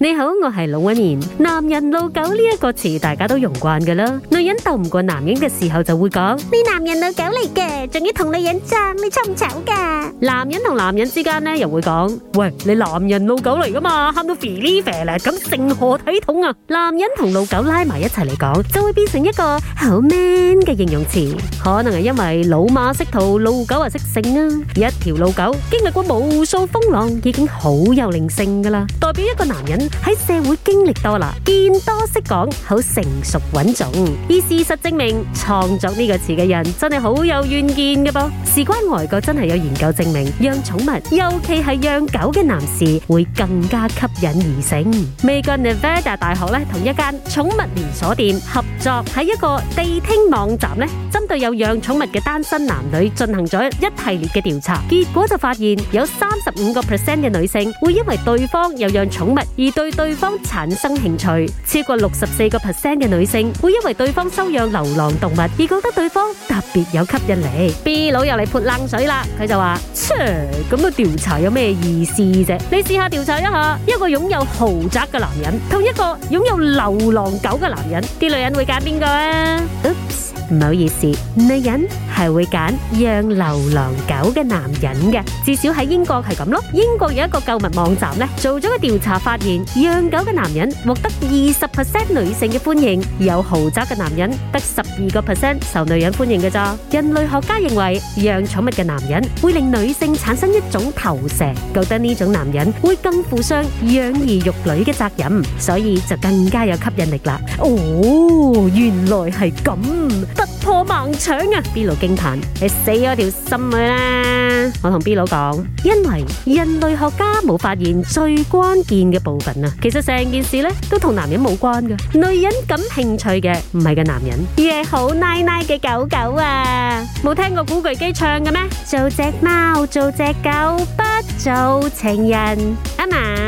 你好，我係老一年。男人老狗呢一個詞，大家都用慣噶啦。女人鬥唔過男人嘅時候，就會講，你男人老狗嚟嘅，仲要同女人爭，你醜唔醜噶。男人同男人之間呢，又會講喂，你男人老狗嚟噶嘛，喊到肥肥啦，咁成何體統啊？男人同老狗拉埋一齊嚟講，就會變成一個好 man 嘅形容詞。可能係因為老馬識途，老狗啊識性啊。一條老狗經歷過無數風浪，已經好有靈性噶啦，代表一個男人，喺社會經歷多啦，見多識廣，好成熟穩重。而事實證明，創作呢個詞嘅人真係好有遠見嘅噃。事關外國真係有研究證明，養寵物，尤其係養狗嘅男士，會更加吸引異性。美國內華達大學咧，同一間寵物連鎖店合作喺一個地聽網站咧，針對有養寵物嘅單身男女進行咗一系列嘅調查，結果就發現有三十五個 percent 嘅女性會因為對方有養寵物而對對方產生興趣，超過六十四個 percent 嘅女性會因為對方收養流浪動物而覺得對方特別有吸引力。B 佬又嚟潑冷水啦，佢就話：切，咁個調查有咩意思啫？你試下調查一下，一個擁有豪宅嘅男人同一個擁有流浪狗嘅男人，啲女人會揀邊個啊？唔好意思，女人係會揀養流浪狗嘅男人嘅，至少喺英國係咁咯。英國有一個購物網站咧，做咗個調查，發現養狗嘅男人獲得二十 percent 女性嘅歡迎，有豪宅嘅男人得十二個 percent 受女人歡迎嘅咋。人類學家認為，養寵物嘅男人會令女性產生一種投射，覺得呢種男人會更負上養兒育女嘅責任，所以就更加有吸引力啦。哦，原來係咁。我盲搶啊！B 佬驚嘆：你死咗條心去啦！我同 B 佬講，因為人類學家冇發現最關鍵嘅部分啊，其實成件事咧都同男人冇關㗎，女人感興趣嘅唔係個男人，而係好奶奶嘅狗狗啊！冇聽過古巨基唱嘅咩？做隻貓，做隻狗，不做情人。阿媽。